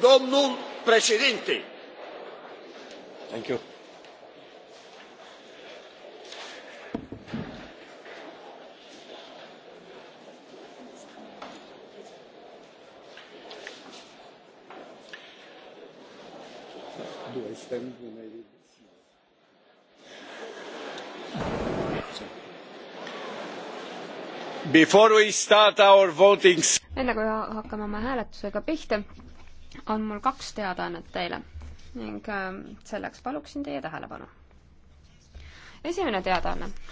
domnul președinte. Thank you. Do I stand when I read this? Before we start our voting enne kui hakkame oma hääletusega pihta, on mul kaks teadaannet teile ning äh, selleks paluksin teie tähelepanu. esimene teadaanne